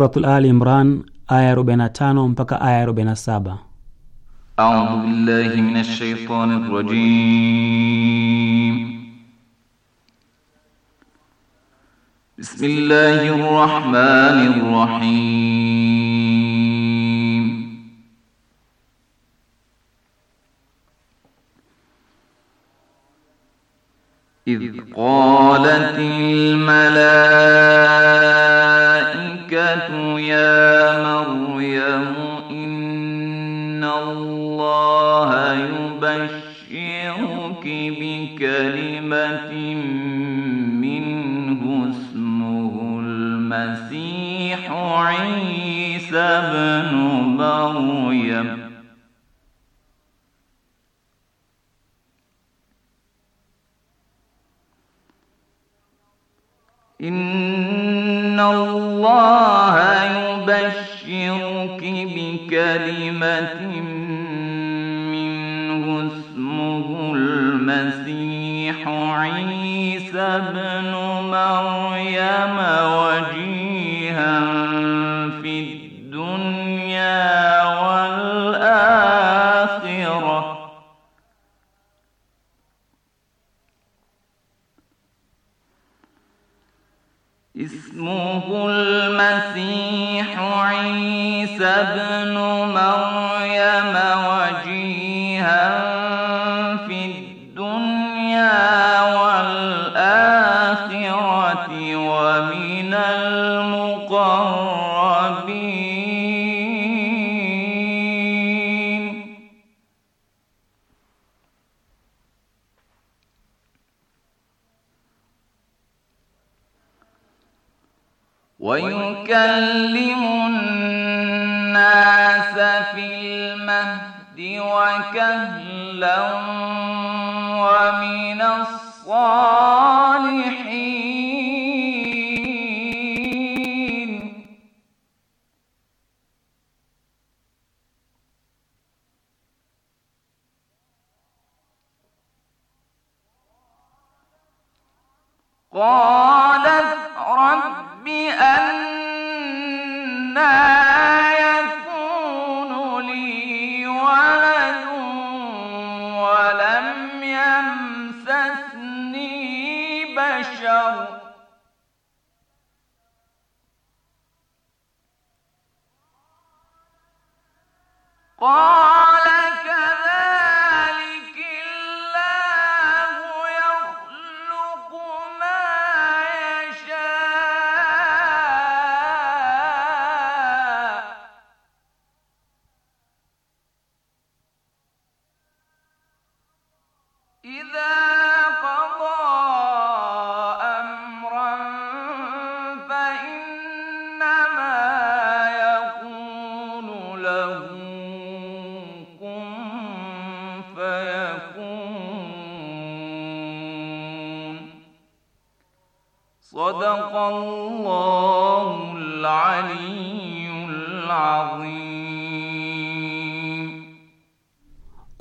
Suratul Ali Imran aya 45 mpaka aya 47. A'udhu billahi minash shaitanir rajim. Bismillahir rahmanir rahim. كلمة منه اسمه المسيح عيسى بن مريم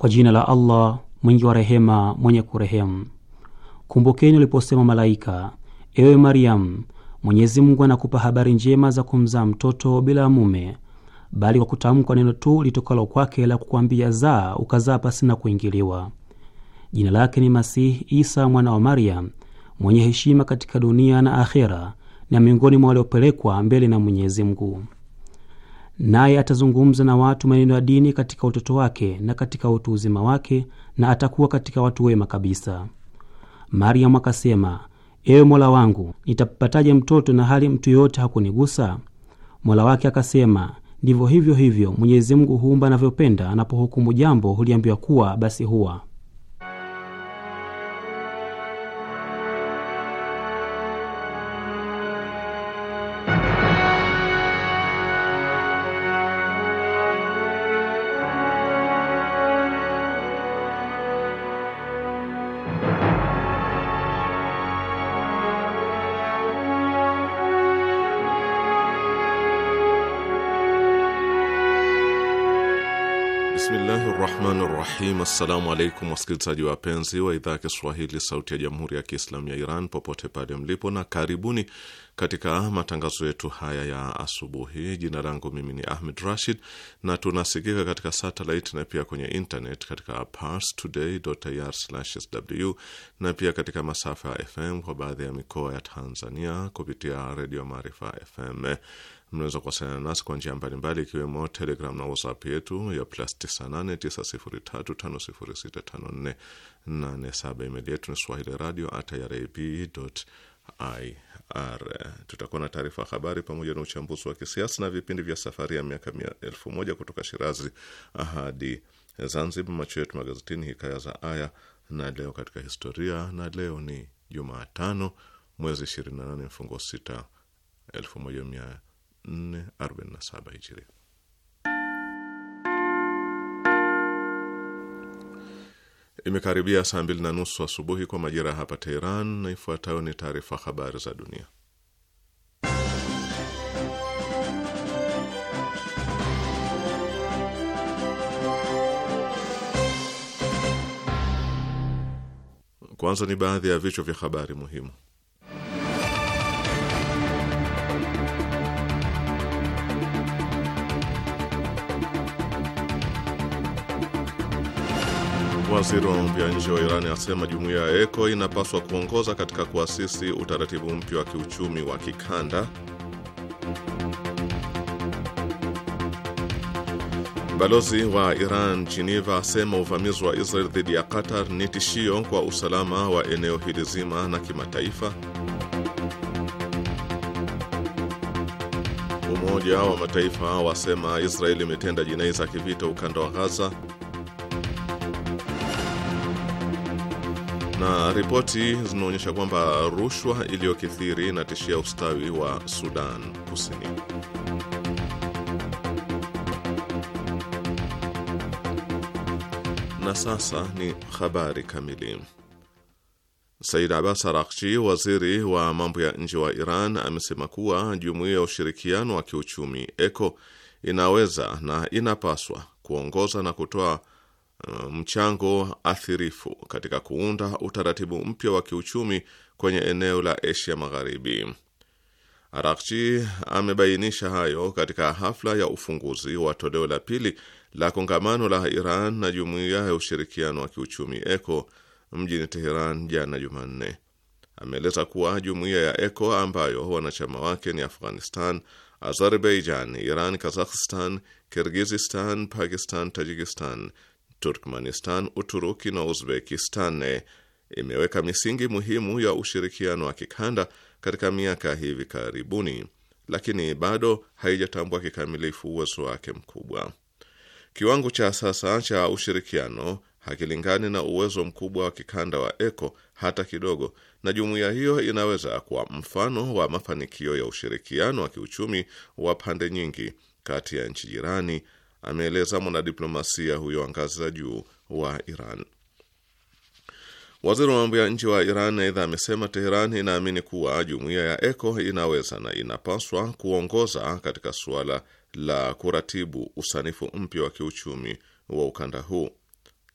jina la Allah mwingi wa rehema, mwenye kurehemu. Kumbukeni uliposema malaika, ewe Mariam, Mwenyezi Mungu anakupa habari njema za kumzaa mtoto bila mume, bali kwa kutamkwa neno tu litokalo kwake la kukwambia zaa, ukazaa pasina kuingiliwa. Jina lake ni Masihi Isa mwana wa Maryam, mwenye heshima katika dunia na akhera, na miongoni mwa waliopelekwa mbele na Mwenyezi Mungu naye atazungumza na watu maneno ya dini katika utoto wake na katika utu uzima wake, na atakuwa katika watu wema kabisa. Maryamu akasema, ewe Mola wangu, nitapataje mtoto na hali mtu yoyote hakunigusa? Mola wake akasema, ndivyo hivyo hivyo Mwenyezi Mungu huumba anavyopenda, anapohukumu jambo huliambiwa kuwa, basi huwa rahim. Assalamu alaikum wasikilizaji wapenzi wa idhaa ya Kiswahili sauti ya jamhuri ya Kiislamu ya Iran popote pale mlipo, na karibuni katika matangazo yetu haya ya asubuhi. Jina langu mimi ni Ahmed Rashid na tunasikika katika satelit na pia kwenye internet katika parstoday.ir/sw na pia katika masafa ya FM kwa baadhi ya mikoa ya Tanzania kupitia redio Maarifa FM. Mnaweza kuwasiliana nasi kwa njia mbalimbali, ikiwemo Telegram na WhatsApp yetu ya plus 989035065487. Email yetu ni swahili radio at irib ir. Tutakuwa na taarifa habari pamoja na uchambuzi wa kisiasa na vipindi vya safari ya miaka elfu moja kutoka Shirazi hadi Zanzibar, macho yetu magazetini, hikaya za aya na leo katika historia, na leo ni Jumatano mwezi 28 mfungo 6 elfu moja mia 447 Hijiria. Imekaribia saa mbili na nusu asubuhi kwa majira hapa Teheran, na ifuatayo ni taarifa habari za dunia. Kwanza ni baadhi ya vichwa vya habari muhimu. Waziri wa mambo ya nje wa Iran asema jumuiya ya ECO inapaswa kuongoza katika kuasisi utaratibu mpya wa kiuchumi wa kikanda. Balozi wa Iran Geneva asema uvamizi wa Israel dhidi ya Qatar ni tishio kwa usalama wa eneo hili zima na kimataifa. Umoja wa Mataifa wasema Israeli imetenda jinai za kivita ukanda wa Gaza. na ripoti zinaonyesha kwamba rushwa iliyokithiri inatishia ustawi wa Sudan Kusini. Na sasa ni habari kamili. Said Abbas Araghchi, waziri wa mambo ya nje wa Iran, amesema kuwa jumuiya ya ushirikiano wa kiuchumi ECO inaweza na inapaswa kuongoza na kutoa Eh, mchango athirifu katika kuunda utaratibu mpya wa kiuchumi kwenye eneo la Asia Magharibi. Arakchi amebainisha hayo katika hafla ya ufunguzi wa toleo la pili la kongamano la Iran na Jumuiya ya Ushirikiano wa Kiuchumi ECO mjini Teheran jana Jumanne. Ameeleza kuwa jumuiya ya ECO ambayo wanachama wake ni Afghanistan, Azerbaijan, Iran, Kazakhstan, Kirgizistan, Pakistan, Tajikistan, Turkmenistan, Uturuki na Uzbekistan imeweka misingi muhimu ya ushirikiano wa kikanda katika miaka hivi karibuni, lakini bado haijatambua kikamilifu uwezo wake mkubwa. Kiwango cha sasa cha ushirikiano hakilingani na uwezo mkubwa wa kikanda wa ECO hata kidogo, na jumuiya hiyo inaweza kuwa mfano wa mafanikio ya ushirikiano wa kiuchumi wa pande nyingi kati ya nchi jirani ameeleza mwanadiplomasia huyo wa ngazi za juu wa Iran. Waziri wa mambo ya nje wa Iran aidha amesema Teheran inaamini kuwa jumuiya ya ECO inaweza na inapaswa kuongoza katika suala la kuratibu usanifu mpya wa kiuchumi wa ukanda huu.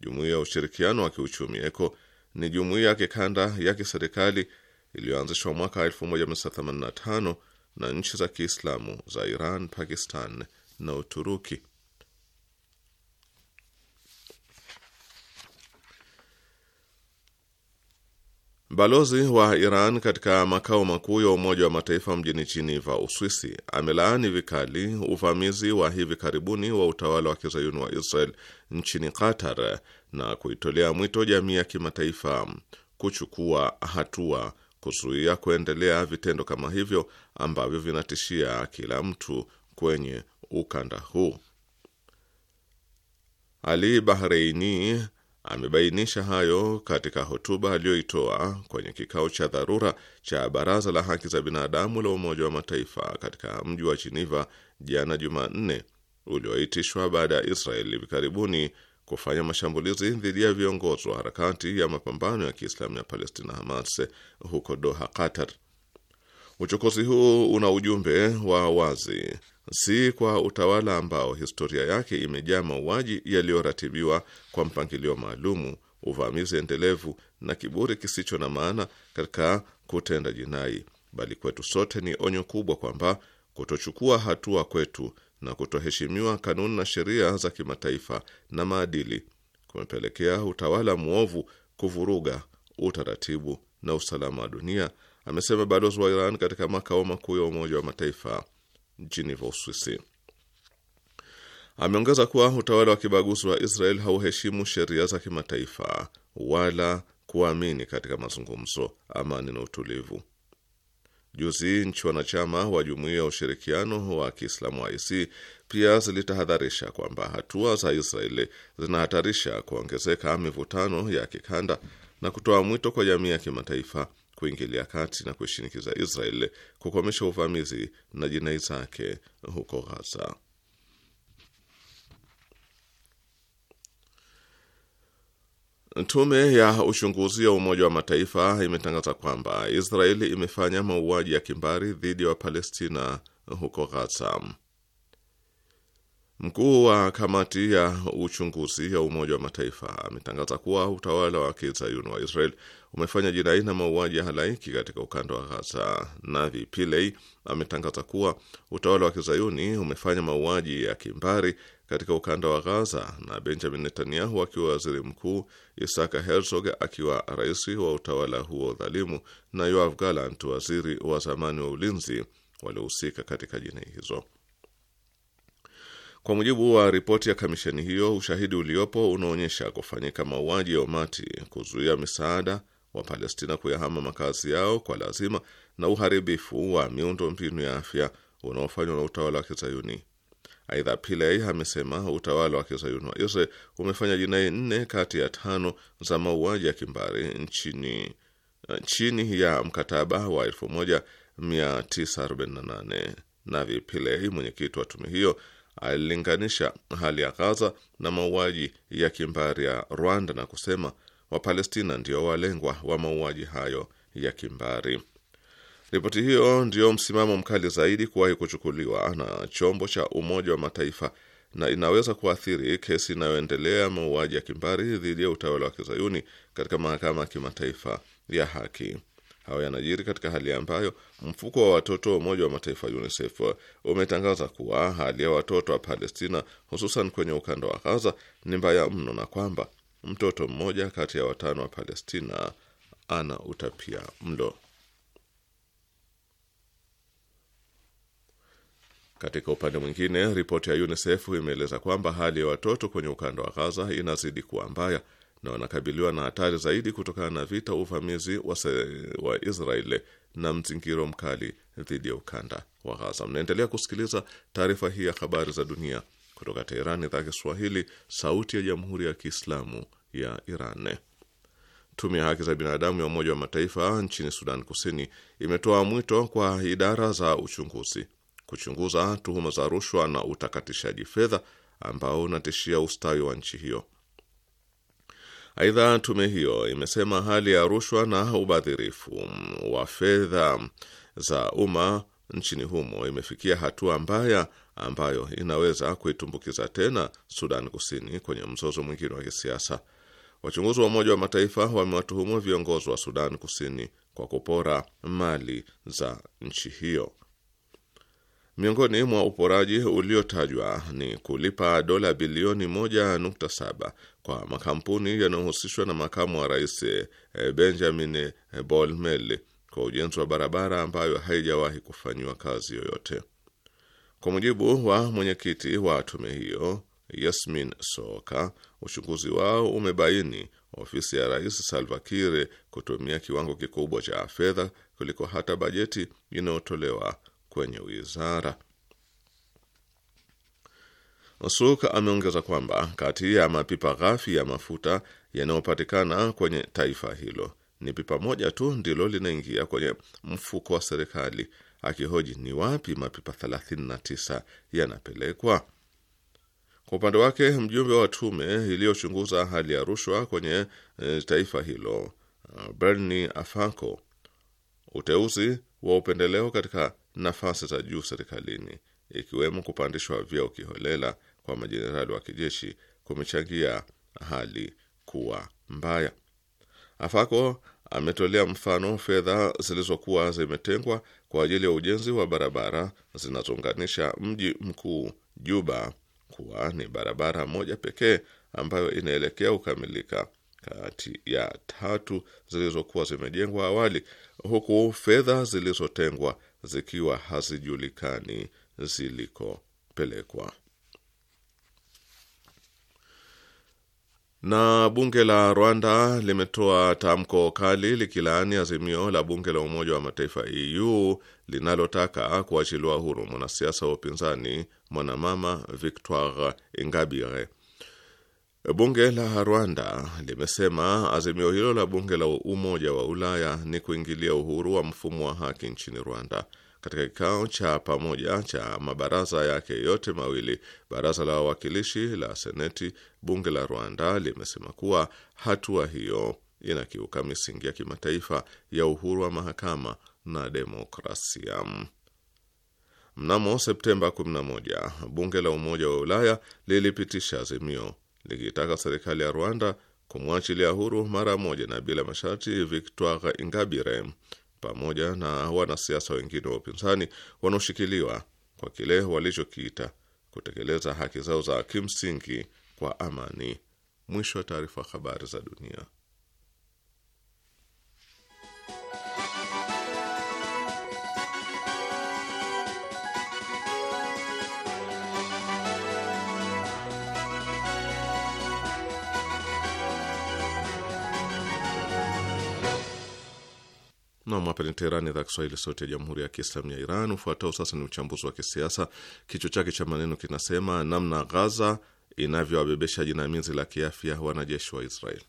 Jumuiya ya ushirikiano wa kiuchumi ECO ni jumuiya ya kikanda ya kiserikali iliyoanzishwa mwaka 1985 na nchi za Kiislamu za Iran, Pakistan na Uturuki. Balozi wa Iran katika makao makuu ya Umoja wa Mataifa mjini Jiniva, Uswisi, amelaani vikali uvamizi wa hivi karibuni wa utawala wa kizayuni wa Israel nchini Qatar na kuitolea mwito jamii ya kimataifa kuchukua hatua kuzuia kuendelea vitendo kama hivyo ambavyo vinatishia kila mtu kwenye ukanda huu. Ali Bahreini Amebainisha hayo katika hotuba aliyoitoa kwenye kikao cha dharura cha Baraza la Haki za Binadamu la Umoja wa Mataifa katika mji wa Geneva jana Jumanne, ulioitishwa baada ya Israel hivi karibuni kufanya mashambulizi dhidi ya viongozi wa harakati ya mapambano ya Kiislamu ya Palestina, Hamas, huko Doha, Qatar. Uchokozi huu una ujumbe wa wazi si kwa utawala ambao historia yake imejaa mauaji yaliyoratibiwa kwa mpangilio maalumu, uvamizi endelevu na kiburi kisicho na maana katika kutenda jinai, bali kwetu sote ni onyo kubwa kwamba kutochukua hatua kwetu na kutoheshimiwa kanuni na sheria za kimataifa na maadili kumepelekea utawala mwovu kuvuruga utaratibu na usalama wa dunia, amesema balozi wa Iran katika makao makuu ya Umoja wa Mataifa Geneva, Uswisi. Ameongeza kuwa utawala wa kibaguzi wa Israel hauheshimu sheria za kimataifa wala kuamini katika mazungumzo, amani na utulivu. Juzi nchi wanachama wa Jumuiya ya Ushirikiano wa Kiislamu IC pia zilitahadharisha kwamba hatua za Israeli zinahatarisha kuongezeka mivutano ya kikanda na kutoa mwito kwa jamii ya kimataifa kuingilia kati na kuishinikiza Israel kukomesha uvamizi na jinai zake huko Ghaza. Tume ya uchunguzi ya Umoja wa Mataifa imetangaza kwamba Israeli imefanya mauaji ya kimbari dhidi ya wa Wapalestina huko Ghaza. Mkuu wa kamati ya uchunguzi ya Umoja wa Mataifa ametangaza kuwa utawala wa kizayuni wa Israel umefanya jinai na mauaji ya halaiki katika ukanda wa Gaza. Navi Pillay ametangaza kuwa utawala wa kizayuni umefanya mauaji ya kimbari katika ukanda wa Gaza, na Benjamin Netanyahu akiwa waziri mkuu, Isaka Herzog akiwa rais wa utawala huo dhalimu, na Yoav Gallant waziri wa zamani wa ulinzi waliohusika katika jinai hizo. Kwa mujibu wa ripoti ya kamisheni hiyo, ushahidi uliopo unaonyesha kufanyika mauaji ya umati, kuzuia misaada wa Palestina kuyahama makazi yao kwa lazima, na uharibifu wa miundo mbinu ya afya unaofanywa na utawala wa Kizayuni. Aidha, Pillay amesema utawala wa Kizayuni wa Israel umefanya jinai nne kati ya tano za mauaji ya kimbari nchini eh, chini ya mkataba wa 1948. Navi Pillay, mwenyekiti wa tume hiyo, alilinganisha hali ya Ghaza na mauaji ya kimbari ya Rwanda na kusema Wapalestina ndio walengwa wa mauaji hayo ya kimbari. Ripoti hiyo ndiyo msimamo mkali zaidi kuwahi kuchukuliwa na chombo cha Umoja wa Mataifa na inaweza kuathiri kesi inayoendelea mauaji ya kimbari dhidi ya utawala wa kizayuni katika mahakama ya kimataifa ya haki. Hayo yanajiri katika hali ambayo mfuko wa watoto wa Umoja wa Mataifa UNICEF umetangaza kuwa hali ya watoto wa Palestina, hususan kwenye ukanda wa Ghaza, ni mbaya mno na kwamba mtoto mmoja kati ya watano wa Palestina ana utapia mlo. Katika upande mwingine, ripoti ya UNICEF imeeleza kwamba hali ya watoto kwenye ukanda wa Ghaza inazidi kuwa mbaya na wanakabiliwa na hatari zaidi kutokana na vita, uvamizi wa, wa Israeli na mzingiro mkali dhidi ya ukanda wa Gaza. Mnaendelea kusikiliza taarifa hii ya habari za dunia kutoka Teheran, idhaa Kiswahili, sauti ya jamhuri ya kiislamu ya Iran. Tume ya haki za binadamu ya Umoja wa Mataifa nchini Sudan Kusini imetoa mwito kwa idara za uchunguzi kuchunguza tuhuma za rushwa na utakatishaji fedha ambao unatishia ustawi wa nchi hiyo. Aidha, tume hiyo imesema hali ya rushwa na ubadhirifu wa fedha za umma nchini humo imefikia hatua mbaya ambayo inaweza kuitumbukiza tena Sudan Kusini kwenye mzozo mwingine wa kisiasa. Wachunguzi wa Umoja wa Mataifa wamewatuhumu viongozi wa Sudan Kusini kwa kupora mali za nchi hiyo. Miongoni mwa uporaji uliotajwa ni kulipa dola bilioni 1.7 kwa makampuni yanayohusishwa na makamu wa rais eh, Benjamin eh, Bolmel kwa ujenzi wa barabara ambayo haijawahi kufanyiwa kazi yoyote. Kwa mujibu wa mwenyekiti wa tume hiyo Yasmin Soka, uchunguzi wao umebaini ofisi ya rais Salva Kiir kutumia kiwango kikubwa cha fedha kuliko hata bajeti inayotolewa kwenye wizara. Suk ameongeza kwamba kati ya mapipa ghafi ya mafuta yanayopatikana kwenye taifa hilo ni pipa moja tu ndilo linaingia kwenye mfuko wa serikali, akihoji ni wapi mapipa 39 yanapelekwa. Kwa upande wake mjumbe wa tume iliyochunguza hali ya rushwa kwenye e, taifa hilo Bernie Afanko, uteuzi wa upendeleo katika nafasi za juu serikalini, ikiwemo kupandishwa vyeo kiholela kwa majenerali wa kijeshi kumechangia hali kuwa mbaya. Afako ametolea mfano fedha zilizokuwa zimetengwa kwa ajili ya ujenzi wa barabara zinazounganisha mji mkuu Juba kuwa ni barabara moja pekee ambayo inaelekea kukamilika kati ya tatu zilizokuwa zimejengwa awali, huku fedha zilizotengwa zikiwa hazijulikani zilikopelekwa. Na bunge la Rwanda limetoa tamko kali likilaani azimio la bunge la Umoja wa Mataifa EU linalotaka kuachiliwa huru mwanasiasa wa upinzani mwanamama Victoire Ingabire Bunge la Rwanda limesema azimio hilo la bunge la Umoja wa Ulaya ni kuingilia uhuru wa mfumo wa haki nchini Rwanda. Katika kikao cha pamoja cha mabaraza yake yote mawili, baraza la wawakilishi la seneti, bunge la Rwanda limesema kuwa hatua hiyo inakiuka misingi ya kimataifa ya uhuru wa mahakama na demokrasia. Mnamo Septemba 11 bunge la Umoja wa Ulaya lilipitisha azimio likiitaka serikali ya Rwanda kumwachilia huru mara moja na bila masharti Victoire Ingabire pamoja na wanasiasa wengine wa upinzani wanaoshikiliwa kwa kile walichokiita kutekeleza haki zao za kimsingi kwa amani. Mwisho wa taarifa. Habari za dunia. Nam, hapa ni Teherani, idhaa Kiswahili, sauti ya jamhuri ya kiislamu ya Iran. Ufuatao sasa ni uchambuzi wa kisiasa, kichwa chake cha maneno kinasema namna Ghaza inavyowabebesha jinamizi la kiafya wanajeshi wa Israel.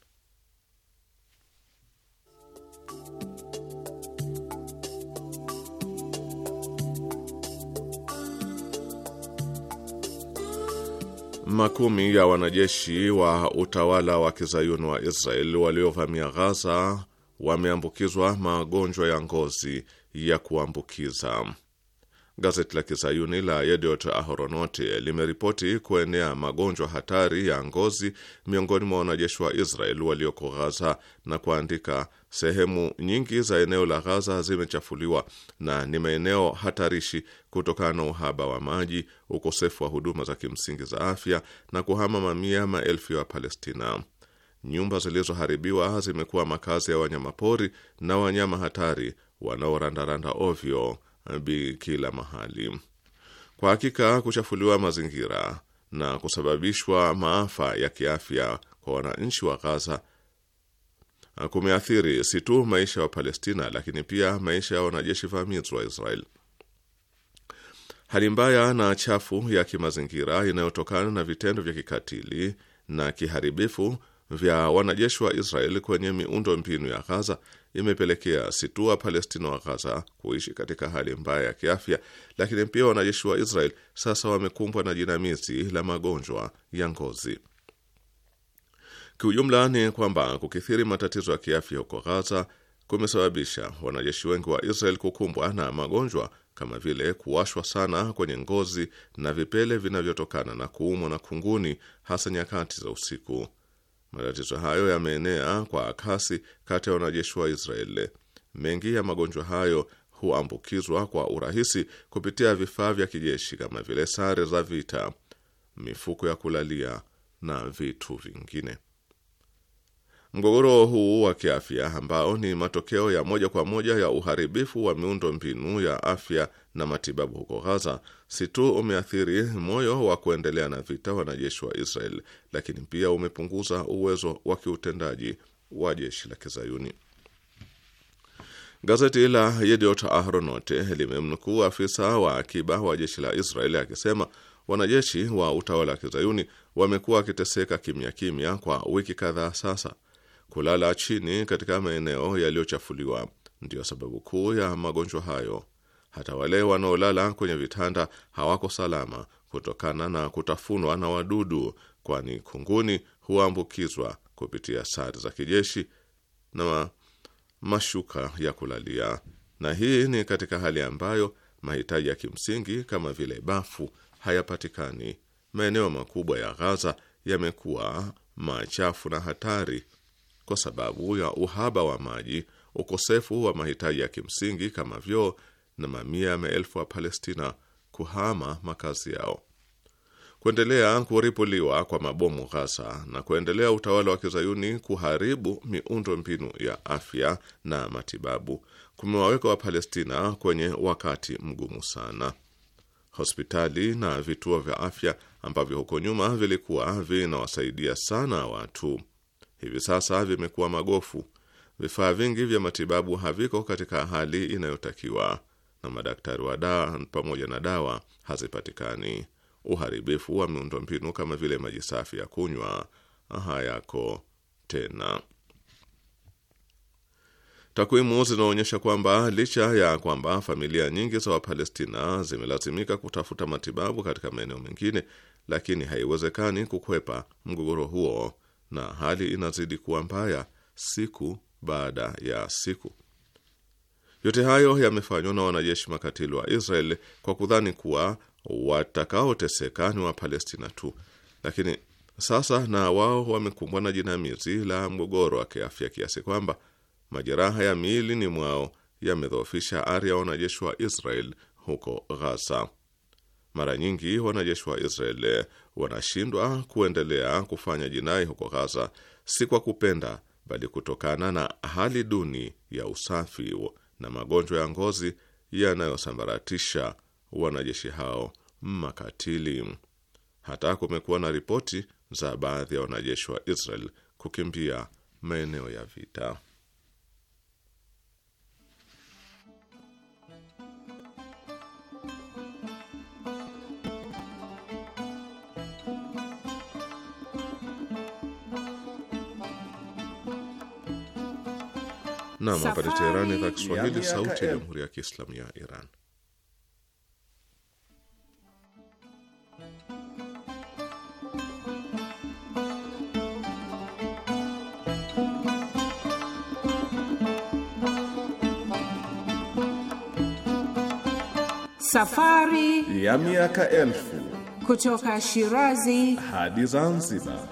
Makumi ya wanajeshi wa utawala wa kizayuni wa Israel waliovamia Ghaza wameambukizwa magonjwa ya ngozi ya kuambukiza. Gazeti la kizayuni la Yediot ahoronoti limeripoti kuenea magonjwa hatari ya ngozi miongoni mwa wanajeshi wa Israel walioko Ghaza na kuandika, sehemu nyingi za eneo la Ghaza zimechafuliwa na ni maeneo hatarishi kutokana na uhaba wa maji, ukosefu wa huduma za kimsingi za afya na kuhama mamia maelfu ya Palestina. Nyumba zilizoharibiwa zimekuwa makazi ya wanyamapori na wanyama hatari wanaorandaranda ovyo bi kila mahali. Kwa hakika kuchafuliwa mazingira na kusababishwa maafa ya kiafya kwa wananchi wa Gaza kumeathiri si tu maisha ya wa Palestina lakini pia maisha ya wanajeshi vamizi wa Israel. Hali mbaya na chafu ya kimazingira inayotokana na vitendo vya kikatili na kiharibifu vya wanajeshi wa Israeli kwenye miundo mbinu ya Ghaza imepelekea si tu Wapalestina wa Ghaza kuishi katika hali mbaya ya kiafya, lakini pia wanajeshi wa Israel sasa wamekumbwa na jinamizi la magonjwa ya ngozi. Kiujumla ni kwamba kukithiri matatizo ya kiafya huko Ghaza kumesababisha wanajeshi wengi wa Israel kukumbwa na magonjwa kama vile kuwashwa sana kwenye ngozi na vipele vinavyotokana na kuumwa na kunguni, hasa nyakati za usiku. Matatizo hayo yameenea kwa kasi kati ya wanajeshi wa Israeli. Mengi ya magonjwa hayo huambukizwa kwa urahisi kupitia vifaa vya kijeshi kama vile sare za vita, mifuko ya kulalia na vitu vingine. Mgogoro huu wa kiafya ambao ni matokeo ya moja kwa moja ya uharibifu wa miundo mbinu ya afya na matibabu huko Gaza si tu umeathiri moyo wa kuendelea na vita wanajeshi wa Israel, lakini pia umepunguza uwezo wa kiutendaji wa jeshi la Kizayuni. Gazeti la Yediot Ahronot limemnukuu afisa wa akiba wa jeshi la israel akisema wanajeshi wa utawala wa Kizayuni wamekuwa wakiteseka kimya kimya kwa wiki kadhaa sasa. Kulala chini katika maeneo yaliyochafuliwa ndiyo sababu kuu ya magonjwa hayo hata wale wanaolala kwenye vitanda hawako salama kutokana na kutafunwa na wadudu, kwani kunguni huambukizwa kupitia sare za kijeshi na mashuka ya kulalia, na hii ni katika hali ambayo mahitaji ya kimsingi kama vile bafu hayapatikani. Maeneo makubwa ya Gaza yamekuwa machafu na hatari kwa sababu ya uhaba wa maji, ukosefu wa mahitaji ya kimsingi kama vyoo na mamia ya maelfu wa Palestina kuhama makazi yao. Kuendelea kuripuliwa kwa mabomu Ghaza na kuendelea utawala wa kizayuni kuharibu miundo mbinu ya afya na matibabu kumewaweka Wapalestina kwenye wakati mgumu sana. Hospitali na vituo vya afya ambavyo huko nyuma vilikuwa vinawasaidia sana watu, hivi sasa vimekuwa magofu. Vifaa vingi vya matibabu haviko katika hali inayotakiwa, na madaktari wa dawa pamoja na dawa hazipatikani. Uharibifu wa miundombinu kama vile maji safi ya kunywa hayako tena. Takwimu zinaonyesha kwamba licha ya kwamba familia nyingi za Wapalestina zimelazimika kutafuta matibabu katika maeneo mengine, lakini haiwezekani kukwepa mgogoro huo, na hali inazidi kuwa mbaya siku baada ya siku. Yote hayo yamefanywa na wanajeshi makatili wa Israel kwa kudhani kuwa watakaoteseka ni wapalestina tu, lakini sasa na wao wamekumbwa na jinamizi la mgogoro wa kiafya kiasi kwamba majeraha ya miilini mwao yamedhoofisha ari ya wanajeshi wa Israel huko Ghaza. Mara nyingi wanajeshi wa Israel wanashindwa kuendelea kufanya jinai huko Ghaza, si kwa kupenda, bali kutokana na hali duni ya usafi na magonjwa ya ngozi yanayosambaratisha wanajeshi hao makatili. Hata kumekuwa na ripoti za baadhi ya wanajeshi wa Israel kukimbia maeneo ya vita. Nam, hapa ni Teherani, idhaa Kiswahili, sauti ya jamhuri ya kiislamu ya Iran. Safari ya miaka elfu kutoka Shirazi hadi Zanzibar.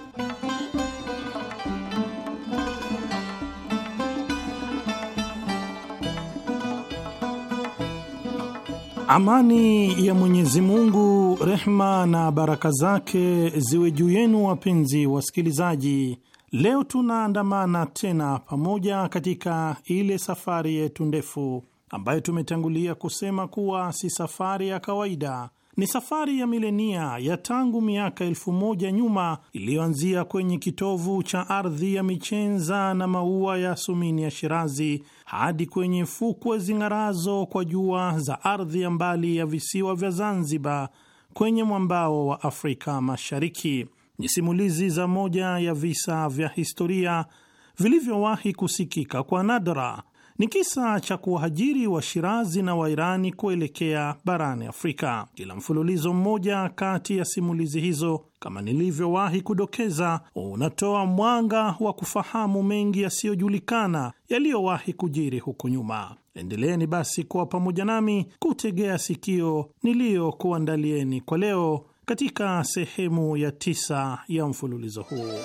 Amani ya Mwenyezi Mungu, rehma na baraka zake ziwe juu yenu, wapenzi wasikilizaji. Leo tunaandamana tena pamoja katika ile safari yetu ndefu ambayo tumetangulia kusema kuwa si safari ya kawaida, ni safari ya milenia ya tangu miaka elfu moja nyuma iliyoanzia kwenye kitovu cha ardhi ya michenza na maua ya sumini ya Shirazi hadi kwenye fukwe zing'arazo kwa jua za ardhi ya mbali ya visiwa vya Zanzibar kwenye mwambao wa Afrika Mashariki. Ni simulizi za moja ya visa vya historia vilivyowahi kusikika kwa nadra ni kisa cha kuwahajiri Washirazi na Wairani kuelekea barani Afrika. Kila mfululizo mmoja kati ya simulizi hizo, kama nilivyowahi kudokeza, unatoa mwanga wa kufahamu mengi yasiyojulikana yaliyowahi kujiri huko nyuma. Endeleeni basi kuwa pamoja nami kutegea sikio niliyokuandalieni kwa leo katika sehemu ya tisa ya mfululizo huu.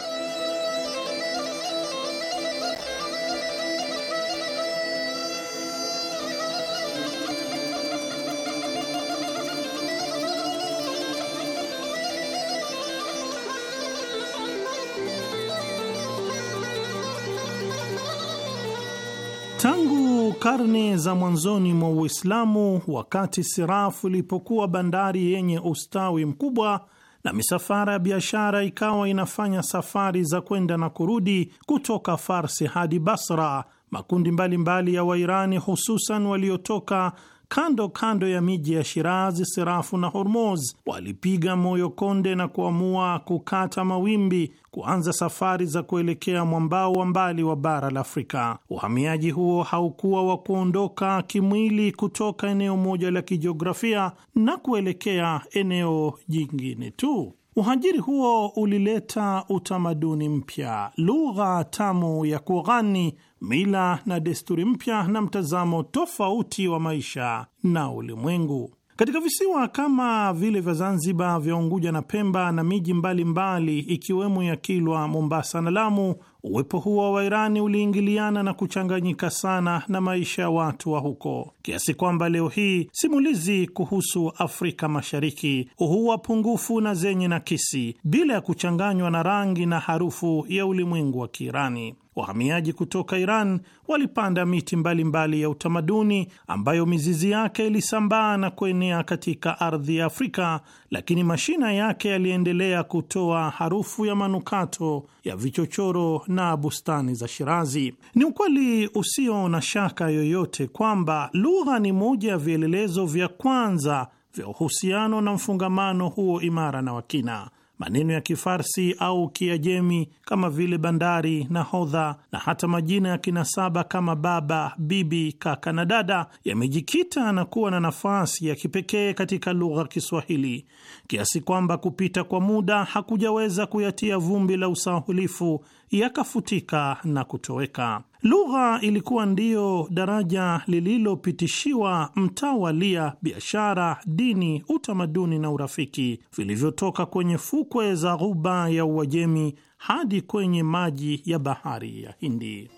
karne za mwanzoni mwa Uislamu, wakati Sirafu ilipokuwa bandari yenye ustawi mkubwa na misafara ya biashara ikawa inafanya safari za kwenda na kurudi kutoka Farsi hadi Basra, makundi mbalimbali mbali ya Wairani hususan waliotoka kando kando ya miji ya Shirazi, Serafu na Hormuz walipiga moyo konde na kuamua kukata mawimbi kuanza safari za kuelekea mwambao wa mbali wa bara la Afrika. Uhamiaji huo haukuwa wa kuondoka kimwili kutoka eneo moja la kijiografia na kuelekea eneo jingine tu. Uhajiri huo ulileta utamaduni mpya, lugha tamu ya kughani, mila na desturi mpya, na mtazamo tofauti wa maisha na ulimwengu. Katika visiwa kama vile vya Zanzibar, vya Unguja na Pemba na miji mbalimbali ikiwemo ya Kilwa, Mombasa na Lamu, uwepo huo wa irani uliingiliana na kuchanganyika sana na maisha ya watu wa huko kiasi kwamba leo hii simulizi kuhusu Afrika Mashariki huwa pungufu na zenye nakisi bila ya kuchanganywa na rangi na harufu ya ulimwengu wa Kiirani wahamiaji kutoka Iran walipanda miti mbalimbali mbali ya utamaduni ambayo mizizi yake ilisambaa na kuenea katika ardhi ya Afrika, lakini mashina yake yaliendelea kutoa harufu ya manukato ya vichochoro na bustani za Shirazi. Ni ukweli usio na shaka yoyote kwamba lugha ni moja ya vielelezo vya kwanza vya uhusiano na mfungamano huo imara na wakina maneno ya Kifarsi au Kiajemi kama vile bandari na hodha, na hata majina ya kinasaba kama baba, bibi, kaka na dada yamejikita na kuwa na nafasi ya kipekee katika lugha Kiswahili kiasi kwamba kupita kwa muda hakujaweza kuyatia vumbi la usahulifu yakafutika na kutoweka. Lugha ilikuwa ndiyo daraja lililopitishiwa mtawalia biashara, dini, utamaduni na urafiki vilivyotoka kwenye fukwe za ghuba ya Uajemi hadi kwenye maji ya bahari ya Hindi.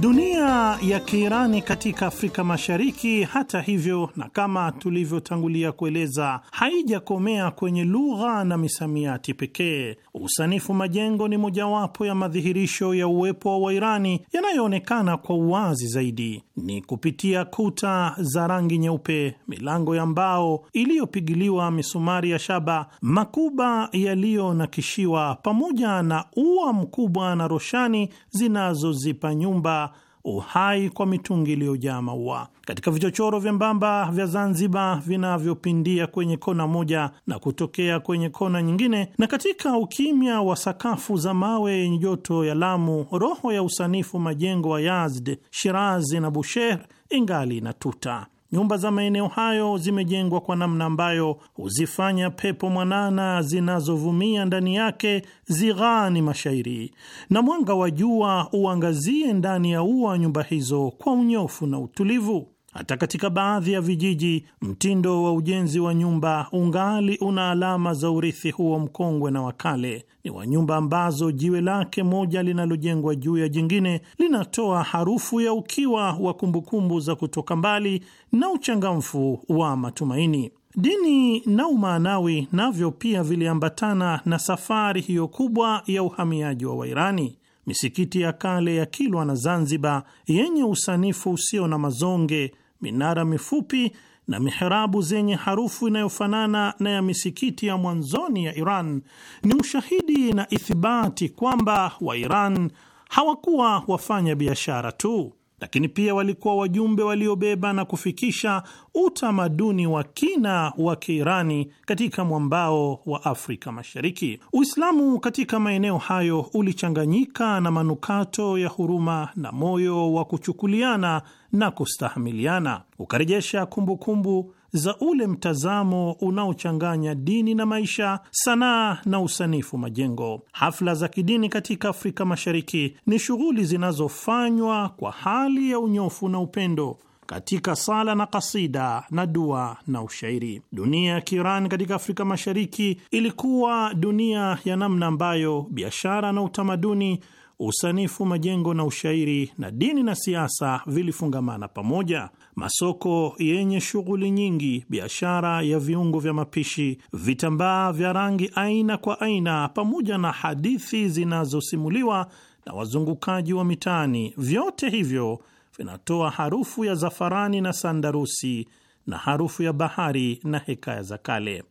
Dunia ya Kiirani katika Afrika Mashariki, hata hivyo, na kama tulivyotangulia kueleza, haijakomea kwenye lugha na misamiati pekee. Usanifu majengo ni mojawapo ya madhihirisho ya uwepo wa Wairani. Yanayoonekana kwa uwazi zaidi ni kupitia kuta za rangi nyeupe, milango ya mbao iliyopigiliwa misumari ya shaba, makuba yaliyonakishiwa, pamoja na ua mkubwa na roshani zinazozipa nyumba uhai kwa mitungi iliyojaa maua. Katika vichochoro vyembamba vya Zanzibar vinavyopindia kwenye kona moja na kutokea kwenye kona nyingine, na katika ukimya wa sakafu za mawe yenye joto ya Lamu, roho ya usanifu majengo wa Yazd, Shirazi na Bushehr ingali inatuta. Nyumba za maeneo hayo zimejengwa kwa namna ambayo huzifanya pepo mwanana zinazovumia ndani yake zighani mashairi na mwanga wa jua uangazie ndani ya ua nyumba hizo kwa unyofu na utulivu. Hata katika baadhi ya vijiji mtindo wa ujenzi wa nyumba ungali una alama za urithi huo mkongwe na wakale. Ni wa nyumba ambazo jiwe lake moja linalojengwa juu ya jingine linatoa harufu ya ukiwa wa kumbukumbu za kutoka mbali na uchangamfu wa matumaini. Dini na umaanawi navyo pia viliambatana na safari hiyo kubwa ya uhamiaji wa Wairani. Misikiti ya kale ya Kilwa na Zanzibar yenye usanifu usio na mazonge minara mifupi na miherabu zenye harufu inayofanana na ya misikiti ya mwanzoni ya Iran ni ushahidi na ithibati kwamba Wairan hawakuwa wafanya biashara tu, lakini pia walikuwa wajumbe waliobeba na kufikisha utamaduni wa kina wa Kiirani katika mwambao wa Afrika Mashariki. Uislamu katika maeneo hayo ulichanganyika na manukato ya huruma na moyo wa kuchukuliana na kustahamiliana, ukarejesha kumbukumbu za ule mtazamo unaochanganya dini na maisha, sanaa na usanifu majengo. Hafla za kidini katika Afrika Mashariki ni shughuli zinazofanywa kwa hali ya unyofu na upendo katika sala na kasida na dua na ushairi. Dunia ya kiiran katika Afrika Mashariki ilikuwa dunia ya namna ambayo biashara na utamaduni usanifu, majengo na ushairi, na dini na siasa vilifungamana pamoja. Masoko yenye shughuli nyingi, biashara ya viungo vya mapishi, vitambaa vya rangi aina kwa aina, pamoja na hadithi zinazosimuliwa na wazungukaji wa mitaani, vyote hivyo vinatoa harufu ya zafarani na sandarusi na harufu ya bahari na hekaya za kale.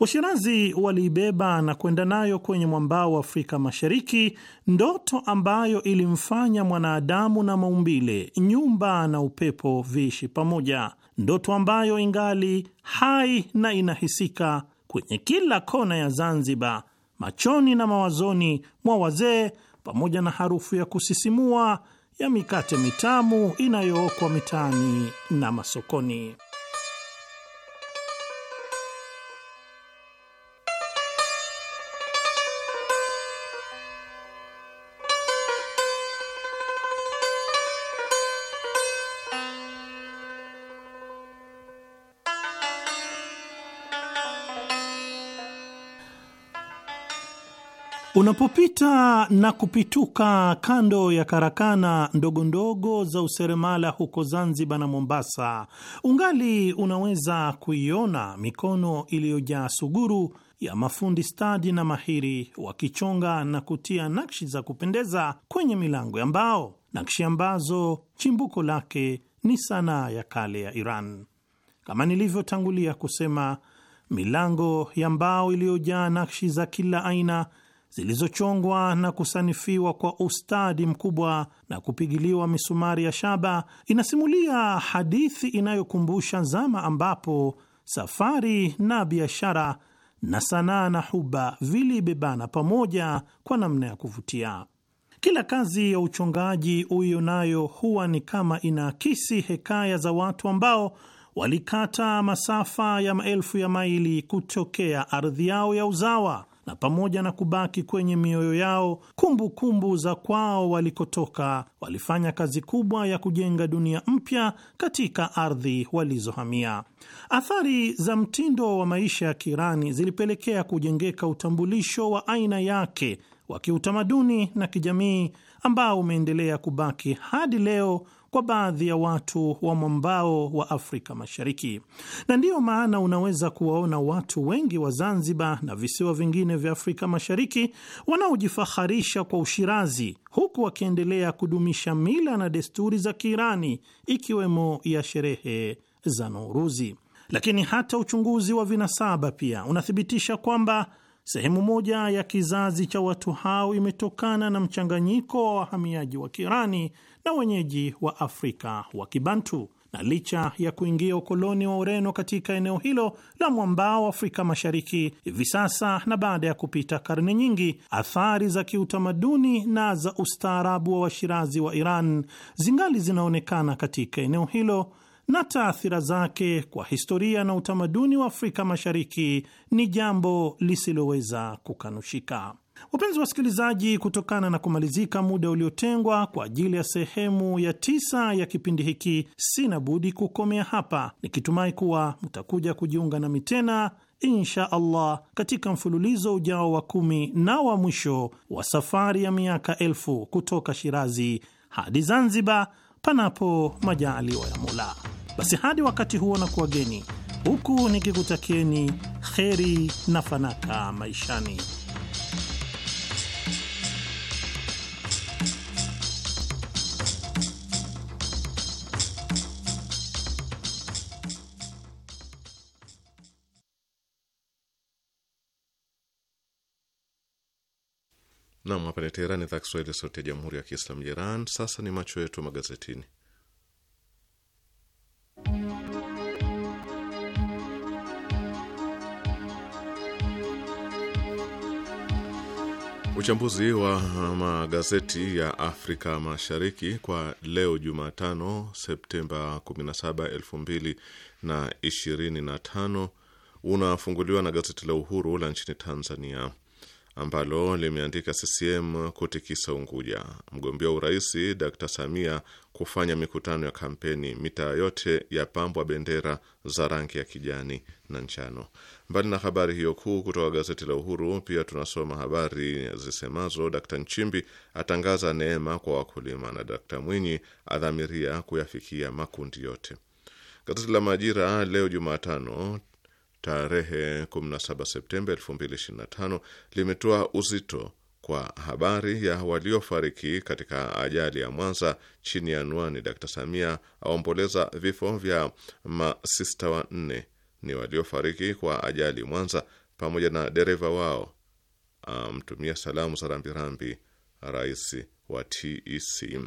Washirazi waliibeba na kwenda nayo kwenye mwambao wa Afrika Mashariki, ndoto ambayo ilimfanya mwanadamu na maumbile, nyumba na upepo viishi pamoja, ndoto ambayo ingali hai na inahisika kwenye kila kona ya Zanzibar, machoni na mawazoni mwa wazee, pamoja na harufu ya kusisimua ya mikate mitamu inayookwa mitaani na masokoni. Unapopita na kupituka kando ya karakana ndogo ndogo za useremala huko Zanzibar na Mombasa, ungali unaweza kuiona mikono iliyojaa suguru ya mafundi stadi na mahiri wakichonga na kutia nakshi za kupendeza kwenye milango ya mbao, nakshi ambazo chimbuko lake ni sanaa ya kale ya Iran. Kama nilivyotangulia kusema, milango ya mbao iliyojaa nakshi za kila aina zilizochongwa na kusanifiwa kwa ustadi mkubwa na kupigiliwa misumari ya shaba, inasimulia hadithi inayokumbusha zama ambapo safari na biashara na sanaa na huba vilibebana pamoja kwa namna ya kuvutia. Kila kazi ya uchongaji nayo huwa ni kama inaakisi hekaya za watu ambao walikata masafa ya maelfu ya maili kutokea ardhi yao ya uzawa na pamoja na kubaki kwenye mioyo yao kumbukumbu kumbu za kwao walikotoka, walifanya kazi kubwa ya kujenga dunia mpya katika ardhi walizohamia. Athari za mtindo wa maisha ya Kirani zilipelekea kujengeka utambulisho wa aina yake wa kiutamaduni na kijamii ambao umeendelea kubaki hadi leo kwa baadhi ya watu wa mwambao wa Afrika Mashariki, na ndiyo maana unaweza kuwaona watu wengi wa Zanzibar na visiwa vingine vya Afrika Mashariki wanaojifaharisha kwa Ushirazi, huku wakiendelea kudumisha mila na desturi za Kiirani ikiwemo ya sherehe za Nouruzi. Lakini hata uchunguzi wa vinasaba pia unathibitisha kwamba sehemu moja ya kizazi cha watu hao imetokana na mchanganyiko wa wahamiaji wa Kirani ya wenyeji wa Afrika wa Kibantu, na licha ya kuingia ukoloni wa Ureno katika eneo hilo la mwambao wa Afrika Mashariki, hivi sasa na baada ya kupita karne nyingi, athari za kiutamaduni na za ustaarabu wa Washirazi wa Iran zingali zinaonekana katika eneo hilo na taathira zake kwa historia na utamaduni wa Afrika Mashariki ni jambo lisiloweza kukanushika. Wapenzi wasikilizaji, kutokana na kumalizika muda uliotengwa kwa ajili ya sehemu ya tisa ya kipindi hiki, sina budi kukomea hapa, nikitumai kuwa mtakuja kujiunga nami tena insha Allah katika mfululizo ujao wa kumi na wa mwisho wa safari ya miaka elfu kutoka Shirazi hadi Zanzibar, panapo majaaliwa ya Mola. Basi hadi wakati huo na kuwageni huku nikikutakieni kheri na fanaka maishani. Nam, hapa ni Teherani, idhaa Kiswahili, sauti ya jamhuri ya kiislamu Iran. Sasa ni macho yetu magazetini. Uchambuzi wa magazeti ya Afrika Mashariki kwa leo Jumatano, Septemba 17, 2025 unafunguliwa na gazeti la Uhuru la nchini Tanzania ambalo limeandika CCM kutikisa Unguja, mgombea wa urais d Samia kufanya mikutano ya kampeni, mitaa yote yapambwa bendera za rangi ya kijani na njano. Mbali na habari hiyo kuu kutoka gazeti la Uhuru, pia tunasoma habari zisemazo d Nchimbi atangaza neema kwa wakulima na Dr. Mwinyi adhamiria kuyafikia makundi yote. Gazeti la Majira leo Jumatano tarehe 17 Septemba 2025 limetoa uzito kwa habari ya waliofariki katika ajali ya Mwanza chini ya anwani Dkt. Samia aomboleza vifo vya masista wanne ni waliofariki kwa ajali Mwanza pamoja na dereva wao, amtumia salamu za rambirambi rais wa TEC.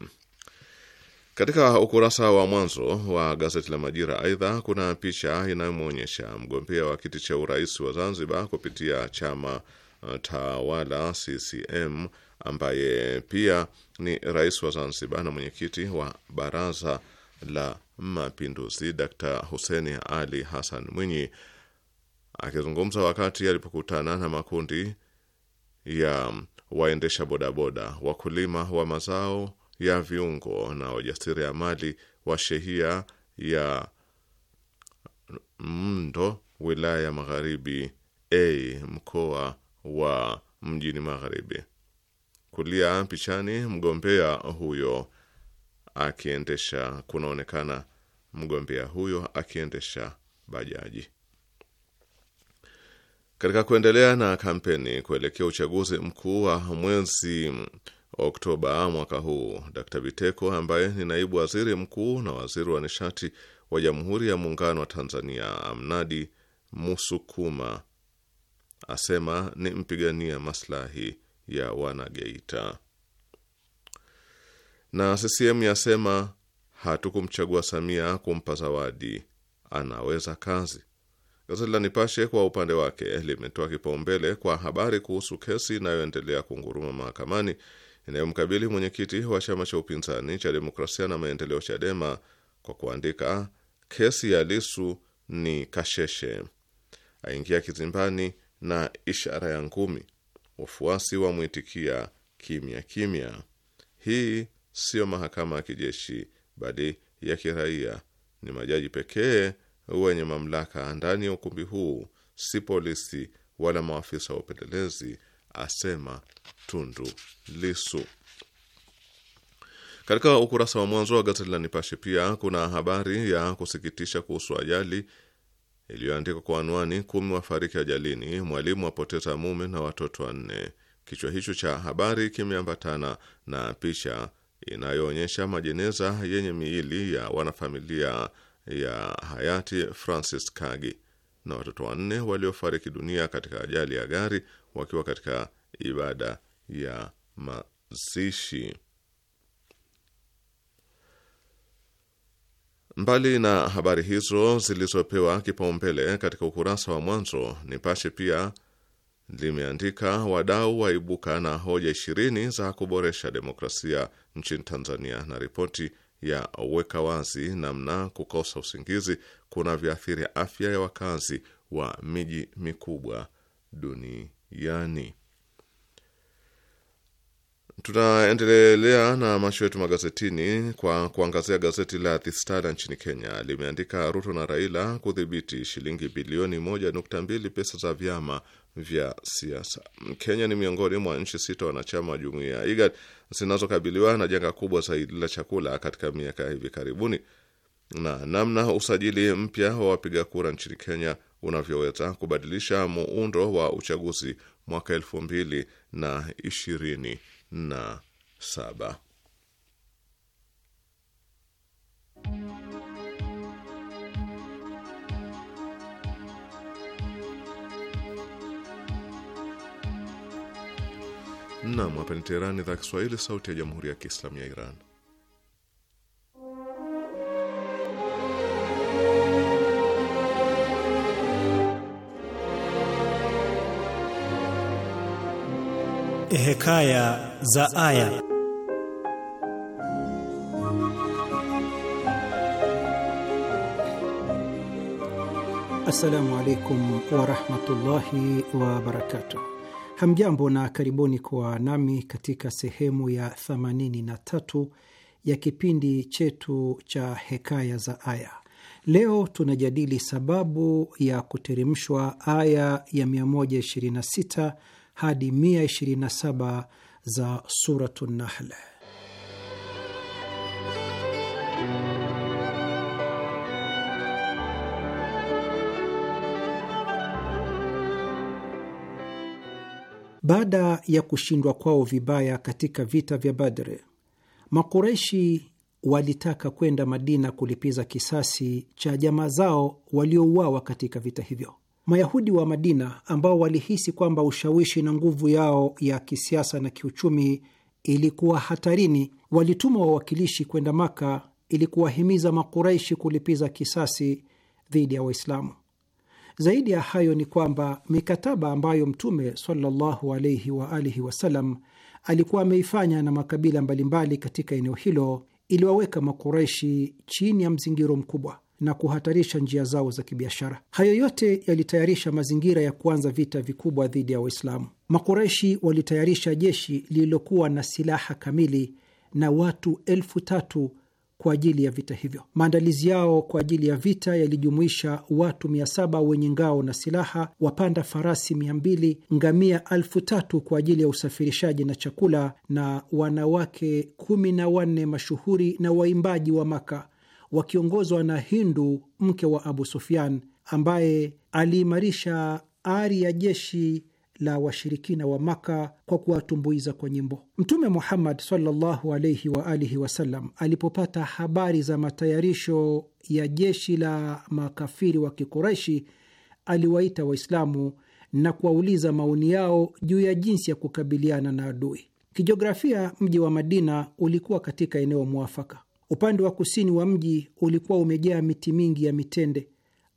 Katika ukurasa wa mwanzo wa gazeti la Majira, aidha, kuna picha inayomwonyesha mgombea wa kiti cha urais wa Zanzibar kupitia chama uh, tawala CCM, ambaye pia ni rais wa Zanzibar na mwenyekiti wa Baraza la Mapinduzi, Dr huseni Ali Hassan Mwinyi, akizungumza wakati alipokutana na makundi ya waendesha bodaboda, wakulima wa mazao ya viungo na wajasiriamali wa shehia ya Mndo, wilaya ya Magharibi a mkoa wa Mjini Magharibi. Kulia pichani mgombea huyo akiendesha, kunaonekana mgombea huyo akiendesha bajaji. Katika kuendelea na kampeni kuelekea uchaguzi mkuu wa mwezi Oktoba mwaka huu, Dr Biteko ambaye ni naibu waziri mkuu na waziri wa nishati wa Jamhuri ya Muungano wa Tanzania amnadi Musukuma asema ni mpigania maslahi ya Wanageita. Na CCM yasema hatukumchagua Samia kumpa zawadi, anaweza kazi. Gazeti la Nipashe kwa upande wake limetoa kipaumbele kwa habari kuhusu kesi inayoendelea kunguruma mahakamani inayomkabili mwenyekiti wa chama cha upinzani cha demokrasia na maendeleo Chadema kwa kuandika kesi ya Lisu ni kasheshe, aingia kizimbani na ishara ya ngumi, wafuasi wamwitikia kimya kimya. Hii siyo mahakama ya kijeshi bali ya kiraia. Ni majaji pekee wenye mamlaka ndani ya ukumbi huu, si polisi wala maafisa wa upelelezi, asema Tundu Lisu. Katika ukurasa wa mwanzo wa gazeti la Nipashe pia kuna habari ya kusikitisha kuhusu ajali iliyoandikwa kwa anwani kumi wafariki ajalini, mwalimu apoteza mume na watoto wanne. Kichwa hicho cha habari kimeambatana na picha inayoonyesha majeneza yenye miili ya wanafamilia ya hayati Francis Kagi na watoto wanne waliofariki dunia katika ajali ya gari wakiwa katika ibada ya mazishi. Mbali na habari hizo zilizopewa kipaumbele katika ukurasa wa mwanzo, Nipashe pia limeandika wadau waibuka na hoja ishirini za kuboresha demokrasia nchini Tanzania, na ripoti ya weka wazi namna kukosa usingizi kunavyoathiri afya ya wakazi wa miji mikubwa duniani tunaendelea na macho yetu magazetini kwa kuangazia gazeti la The Standard nchini Kenya. Limeandika Ruto na Raila kudhibiti shilingi bilioni moja nukta mbili pesa za vyama vya siasa. Kenya ni miongoni mwa nchi sita wanachama wa jumuiya ya IGAD zinazokabiliwa na janga kubwa zaidi la chakula katika miaka hivi karibuni, na namna usajili mpya wa wapiga kura nchini Kenya unavyoweza kubadilisha muundo wa uchaguzi mwaka elfu mbili na ishirini na saba. Nam, hapa ni Teherani, idhaa Kiswahili, sauti ya jamhuri ya kiislamu ya Iran. Hekaya za aya. Assalamu alaikum warahmatullahi wabarakatuh. Hamjambo na karibuni kwa nami katika sehemu ya 83 ya kipindi chetu cha Hekaya za Aya. Leo tunajadili sababu ya kuteremshwa aya ya 126 hadi 127 za Suratu Nahl. Baada ya kushindwa kwao vibaya katika vita vya Badri, Makureshi walitaka kwenda Madina kulipiza kisasi cha jamaa zao waliouawa katika vita hivyo. Mayahudi wa Madina ambao walihisi kwamba ushawishi na nguvu yao ya kisiasa na kiuchumi ilikuwa hatarini, walituma wawakilishi kwenda Maka ili kuwahimiza Makuraishi kulipiza kisasi dhidi ya Waislamu. Zaidi ya hayo ni kwamba mikataba ambayo Mtume sallallahu alaihi wa alihi wasallam alikuwa ameifanya na makabila mbalimbali katika eneo hilo iliwaweka Makuraishi chini ya mzingiro mkubwa na kuhatarisha njia zao za kibiashara. Hayo yote yalitayarisha mazingira ya kuanza vita vikubwa dhidi ya Waislamu. Makureshi walitayarisha jeshi lililokuwa na silaha kamili na watu elfu tatu kwa ajili ya vita hivyo. Maandalizi yao kwa ajili ya vita yalijumuisha watu mia saba wenye ngao na silaha, wapanda farasi mia mbili, ngamia elfu tatu kwa ajili ya usafirishaji na chakula, na wanawake kumi na wanne mashuhuri na waimbaji wa Maka wakiongozwa na Hindu mke wa Abu Sufyan, ambaye aliimarisha ari ya jeshi la washirikina wa Maka kwa kuwatumbuiza kwa nyimbo. Mtume Muhammad sallallahu wa alihi wasallam alipopata habari za matayarisho ya jeshi la makafiri wa Kikureshi, aliwaita Waislamu na kuwauliza maoni yao juu ya jinsi ya kukabiliana na adui. Kijiografia, mji wa Madina ulikuwa katika eneo mwafaka. Upande wa kusini wa mji ulikuwa umejaa miti mingi ya mitende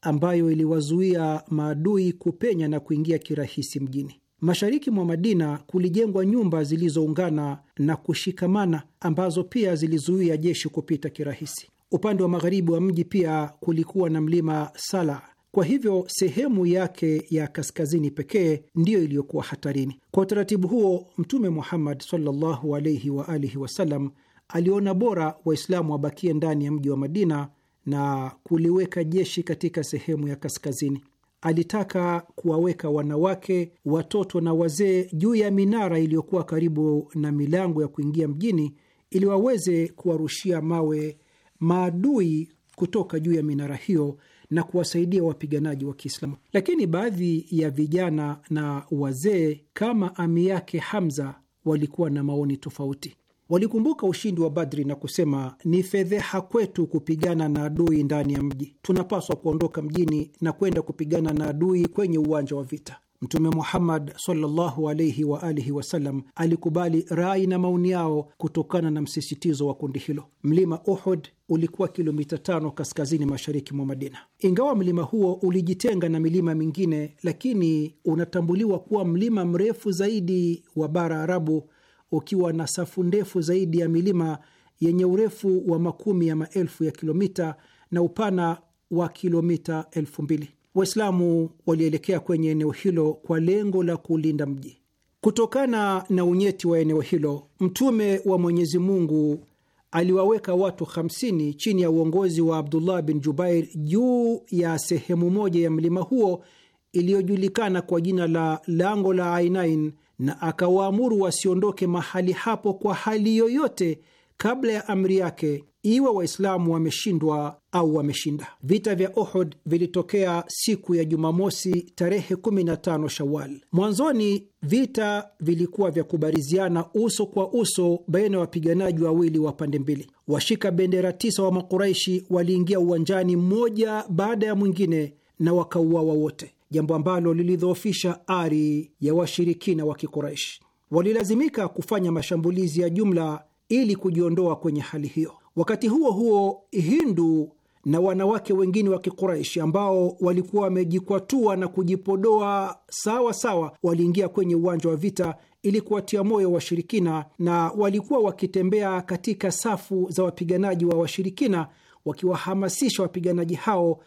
ambayo iliwazuia maadui kupenya na kuingia kirahisi mjini. Mashariki mwa Madina kulijengwa nyumba zilizoungana na kushikamana ambazo pia zilizuia jeshi kupita kirahisi. Upande wa magharibi wa mji pia kulikuwa na mlima Sala. Kwa hivyo sehemu yake ya kaskazini pekee ndiyo iliyokuwa hatarini. Kwa utaratibu huo, Mtume Muhammad sallallahu alaihi wa alihi wasallam aliona bora Waislamu wabakie ndani ya mji wa Madina na kuliweka jeshi katika sehemu ya kaskazini. Alitaka kuwaweka wanawake, watoto na wazee juu ya minara iliyokuwa karibu na milango ya kuingia mjini ili waweze kuwarushia mawe maadui kutoka juu ya minara hiyo na kuwasaidia wapiganaji wa Kiislamu. Lakini baadhi ya vijana na wazee kama ami yake Hamza walikuwa na maoni tofauti. Walikumbuka ushindi wa Badri na kusema, ni fedheha kwetu kupigana na adui ndani ya mji. Tunapaswa kuondoka mjini na kwenda kupigana na adui kwenye uwanja wa vita. Mtume Muhammad sallallahu wa alihi wasallam alikubali rai na maoni yao kutokana na msisitizo wa kundi hilo. Mlima Uhud ulikuwa kilomita tano kaskazini mashariki mwa Madina. Ingawa mlima huo ulijitenga na milima mingine, lakini unatambuliwa kuwa mlima mrefu zaidi wa bara Arabu ukiwa na safu ndefu zaidi ya milima yenye urefu wa makumi ya maelfu ya kilomita na upana wa kilomita elfu mbili. Waislamu walielekea kwenye eneo hilo kwa lengo la kuulinda mji. Kutokana na unyeti wa eneo hilo, Mtume wa Mwenyezi Mungu aliwaweka watu 50 chini ya uongozi wa Abdullah bin Jubair juu ya sehemu moja ya mlima huo iliyojulikana kwa jina la lango la Ainain na akawaamuru wasiondoke mahali hapo kwa hali yoyote kabla ya amri yake, iwe Waislamu wameshindwa au wameshinda. Vita vya Ohod vilitokea siku ya Jumamosi tarehe 15 Shawal. Mwanzoni vita vilikuwa vya kubariziana uso kwa uso baina ya wapiganaji wawili wa pande mbili. Washika bendera tisa wa Makuraishi waliingia uwanjani mmoja baada ya mwingine na wakauawa wote jambo ambalo lilidhoofisha ari ya washirikina wa Kikureishi. Walilazimika kufanya mashambulizi ya jumla ili kujiondoa kwenye hali hiyo. Wakati huo huo, Hindu na wanawake wengine wa Kikuraishi ambao walikuwa wamejikwatua na kujipodoa sawa sawa, waliingia kwenye uwanja wa vita ili kuwatia moyo washirikina, na walikuwa wakitembea katika safu za wapiganaji wa washirikina, wakiwahamasisha wapiganaji hao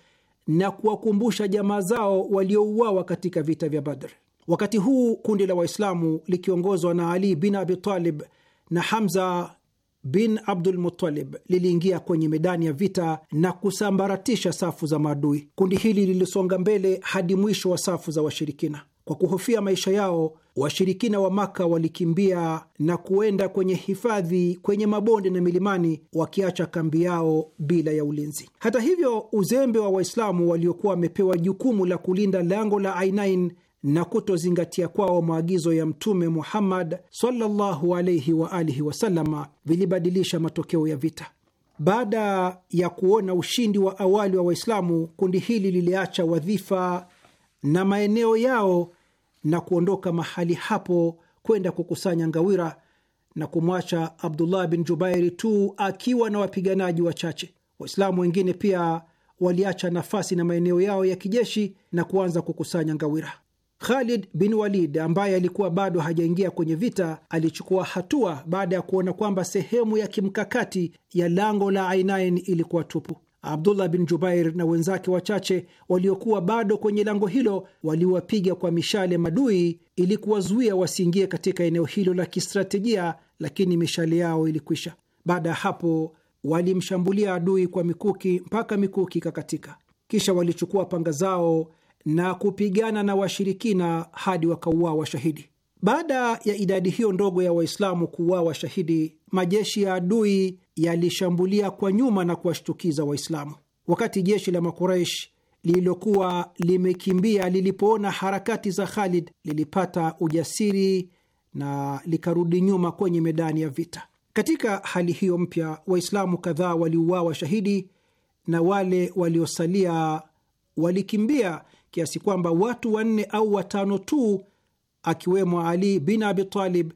na kuwakumbusha jamaa zao waliouawa katika vita vya Badr. Wakati huu kundi la Waislamu likiongozwa na Ali bin Abi Talib na Hamza bin Abdul Muttalib liliingia kwenye medani ya vita na kusambaratisha safu za maadui. Kundi hili lilisonga mbele hadi mwisho wa safu za washirikina. Kwa kuhofia maisha yao, washirikina wa Maka walikimbia na kuenda kwenye hifadhi kwenye mabonde na milimani, wakiacha kambi yao bila ya ulinzi. Hata hivyo, uzembe wa Waislamu waliokuwa wamepewa jukumu la kulinda lango la Ainain na kutozingatia kwao maagizo ya Mtume Muhammad sallallahu wa alihi vilibadilisha matokeo ya vita. Baada ya kuona ushindi wa awali wa Waislamu, kundi hili liliacha wadhifa na maeneo yao na kuondoka mahali hapo kwenda kukusanya ngawira na kumwacha Abdullah bin Jubairi tu akiwa na wapiganaji wachache. Waislamu wengine pia waliacha nafasi na maeneo yao ya kijeshi na kuanza kukusanya ngawira. Khalid bin Walid ambaye alikuwa bado hajaingia kwenye vita alichukua hatua baada ya kuona kwamba sehemu ya kimkakati ya lango la Ainain ilikuwa tupu. Abdullah bin Jubair na wenzake wachache waliokuwa bado kwenye lango hilo waliwapiga kwa mishale madui ili kuwazuia wasiingie katika eneo hilo la kistratejia, lakini mishale yao ilikwisha. Baada ya hapo, walimshambulia adui kwa mikuki mpaka mikuki ikakatika. Kisha walichukua panga zao na kupigana na washirikina hadi wakauawa washahidi Baada ya idadi hiyo ndogo ya Waislamu kuuawa washahidi majeshi ya adui yalishambulia kwa nyuma na kuwashtukiza Waislamu. Wakati jeshi la makuraish lililokuwa limekimbia lilipoona harakati za Khalid, lilipata ujasiri na likarudi nyuma kwenye medani ya vita. Katika hali hiyo mpya, Waislamu kadhaa waliuawa shahidi na wale waliosalia walikimbia kiasi kwamba watu wanne au watano tu akiwemo Ali bin Abi Talib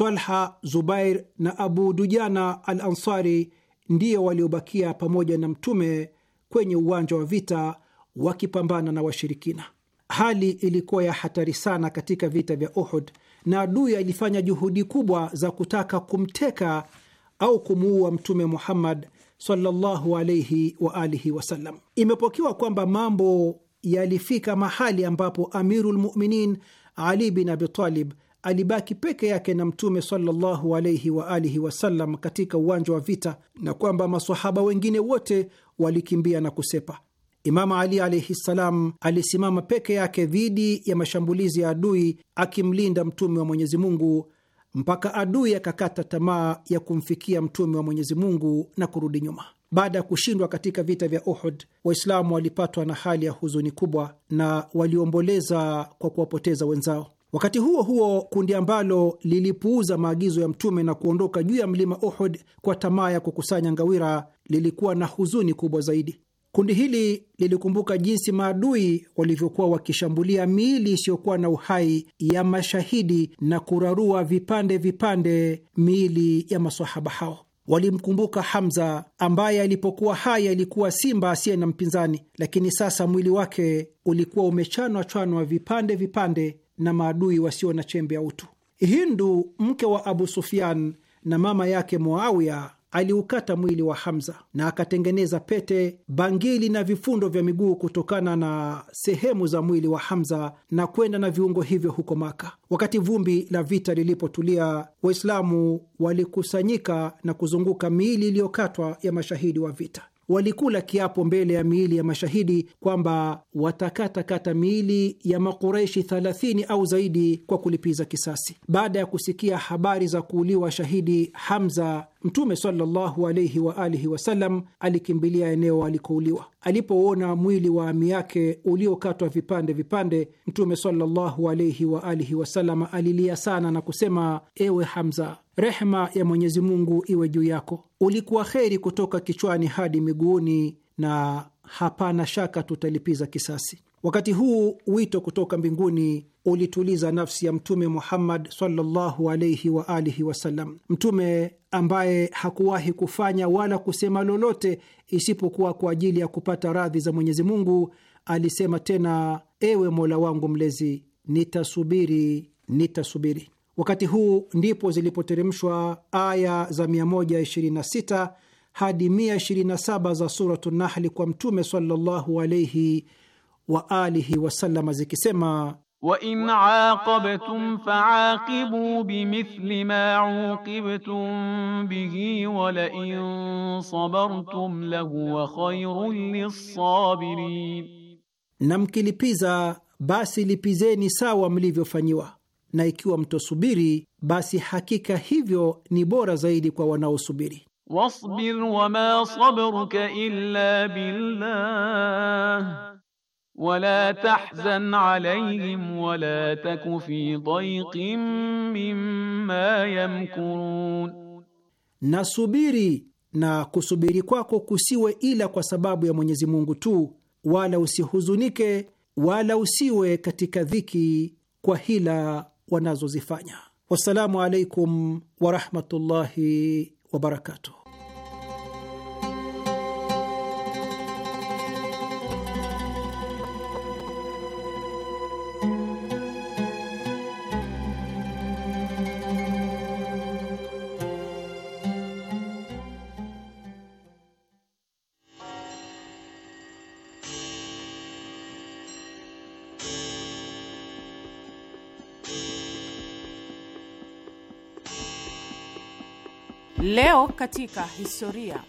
Talha, Zubair na Abu Dujana al Ansari ndiyo waliobakia pamoja na Mtume kwenye uwanja wa vita wakipambana na washirikina. Hali ilikuwa ya hatari sana katika vita vya Uhud na adui alifanya juhudi kubwa za kutaka kumteka au kumuua Mtume Muhammad sallallahu alayhi wa alihi wasallam. Imepokewa kwamba mambo yalifika mahali ambapo Amirul Muminin Ali bin Abi Talib alibaki peke yake na Mtume sallallahu alaihi waalihi wasallam katika uwanja wa vita na kwamba masahaba wengine wote walikimbia na kusepa. Imamu Ali alaihi ssalam alisimama peke yake dhidi ya mashambulizi ya adui akimlinda Mtume wa Mwenyezi Mungu mpaka adui akakata tamaa ya kumfikia Mtume wa Mwenyezi Mungu na kurudi nyuma. Baada ya kushindwa katika vita vya Uhud, Waislamu walipatwa na hali ya huzuni kubwa na waliomboleza kwa kuwapoteza wenzao. Wakati huo huo, kundi ambalo lilipuuza maagizo ya Mtume na kuondoka juu ya mlima Uhud kwa tamaa ya kukusanya ngawira lilikuwa na huzuni kubwa zaidi. Kundi hili lilikumbuka jinsi maadui walivyokuwa wakishambulia miili isiyokuwa na uhai ya mashahidi na kurarua vipande vipande miili ya masahaba hao. Walimkumbuka Hamza ambaye alipokuwa hai alikuwa simba asiye na mpinzani, lakini sasa mwili wake ulikuwa umechanwa chanwa vipande vipande na maadui wasio na chembe ya utu. Hindu, mke wa Abu Sufyan na mama yake Muawiya, aliukata mwili wa Hamza na akatengeneza pete, bangili na vifundo vya miguu kutokana na sehemu za mwili wa Hamza na kwenda na viungo hivyo huko Maka. Wakati vumbi la vita lilipotulia, Waislamu walikusanyika na kuzunguka miili iliyokatwa ya mashahidi wa vita walikula kiapo mbele ya miili ya mashahidi kwamba watakatakata miili ya Makureshi 30 au zaidi kwa kulipiza kisasi. Baada ya kusikia habari za kuuliwa shahidi Hamza Mtume sallallahu alaihi wa alihi wasallam alikimbilia eneo alikouliwa. Alipouona mwili wa ami yake uliokatwa vipande vipande, Mtume sallallahu alaihi wa alihi wasallam alilia sana na kusema, ewe Hamza, rehma ya Mwenyezi Mungu iwe juu yako. Ulikuwa kheri kutoka kichwani hadi miguuni, na hapana shaka tutalipiza kisasi. Wakati huu wito kutoka mbinguni ulituliza nafsi ya Mtume Muhammad sallallahu alaihi wa alihi wasallam, mtume ambaye hakuwahi kufanya wala kusema lolote isipokuwa kwa ajili ya kupata radhi za Mwenyezi Mungu. Alisema tena, ewe Mola wangu Mlezi, nitasubiri, nitasubiri. Wakati huu ndipo zilipoteremshwa aya za 126 hadi 127 za Suratu Nahli kwa Mtume sallallahu alaihi wa alihi wasallama zikisema wa in aaqabtum faaqibu bimithli ma uqibtum bihi wa la in sabartum lahu wa khayrun lis-sabirin, na mkilipiza basi lipizeni sawa mlivyofanyiwa, na ikiwa mtosubiri basi hakika hivyo ni bora zaidi kwa wanaosubiri. Wasbir wama sabruka illa billah wala tahzan alayhim wala taku fi dhayqin mimma yamkurun, na na kusubiri kwako kusiwe ila kwa sababu ya Mwenyezi Mungu tu, wala usihuzunike wala usiwe katika dhiki kwa hila wanazozifanya. Wassalamu alaikum warahmatullahi wabarakatuh. Leo katika historia.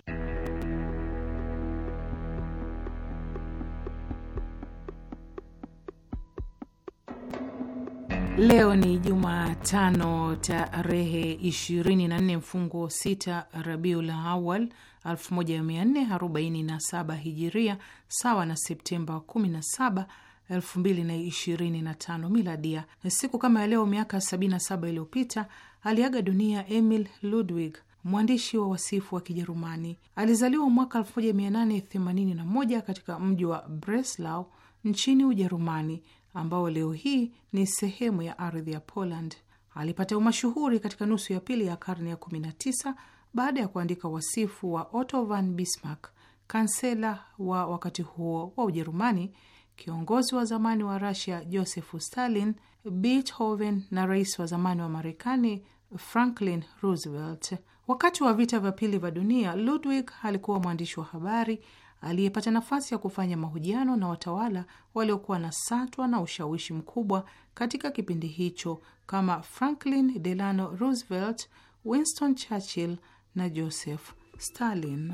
Leo ni Jumatano tarehe 24 mfungo 6 Rabiul Awal 1447 Hijiria, sawa na Septemba 17 2025 Miladia. Siku kama ya leo miaka 77 iliyopita aliaga dunia Emil Ludwig mwandishi wa wasifu wa Kijerumani. Alizaliwa mwaka 1881 katika mji wa Breslau nchini Ujerumani, ambao leo hii ni sehemu ya ardhi ya Poland. Alipata umashuhuri katika nusu ya pili ya karne ya 19 baada ya kuandika wasifu wa Otto von Bismarck, kansela wa wakati huo wa Ujerumani, kiongozi wa zamani wa Russia Josefu Stalin, Beethoven na rais wa zamani wa Marekani Franklin Roosevelt. Wakati wa vita vya pili vya dunia, Ludwig alikuwa mwandishi wa habari aliyepata nafasi ya kufanya mahojiano na watawala waliokuwa na satwa na ushawishi mkubwa katika kipindi hicho kama Franklin Delano Roosevelt, Winston Churchill na Joseph Stalin.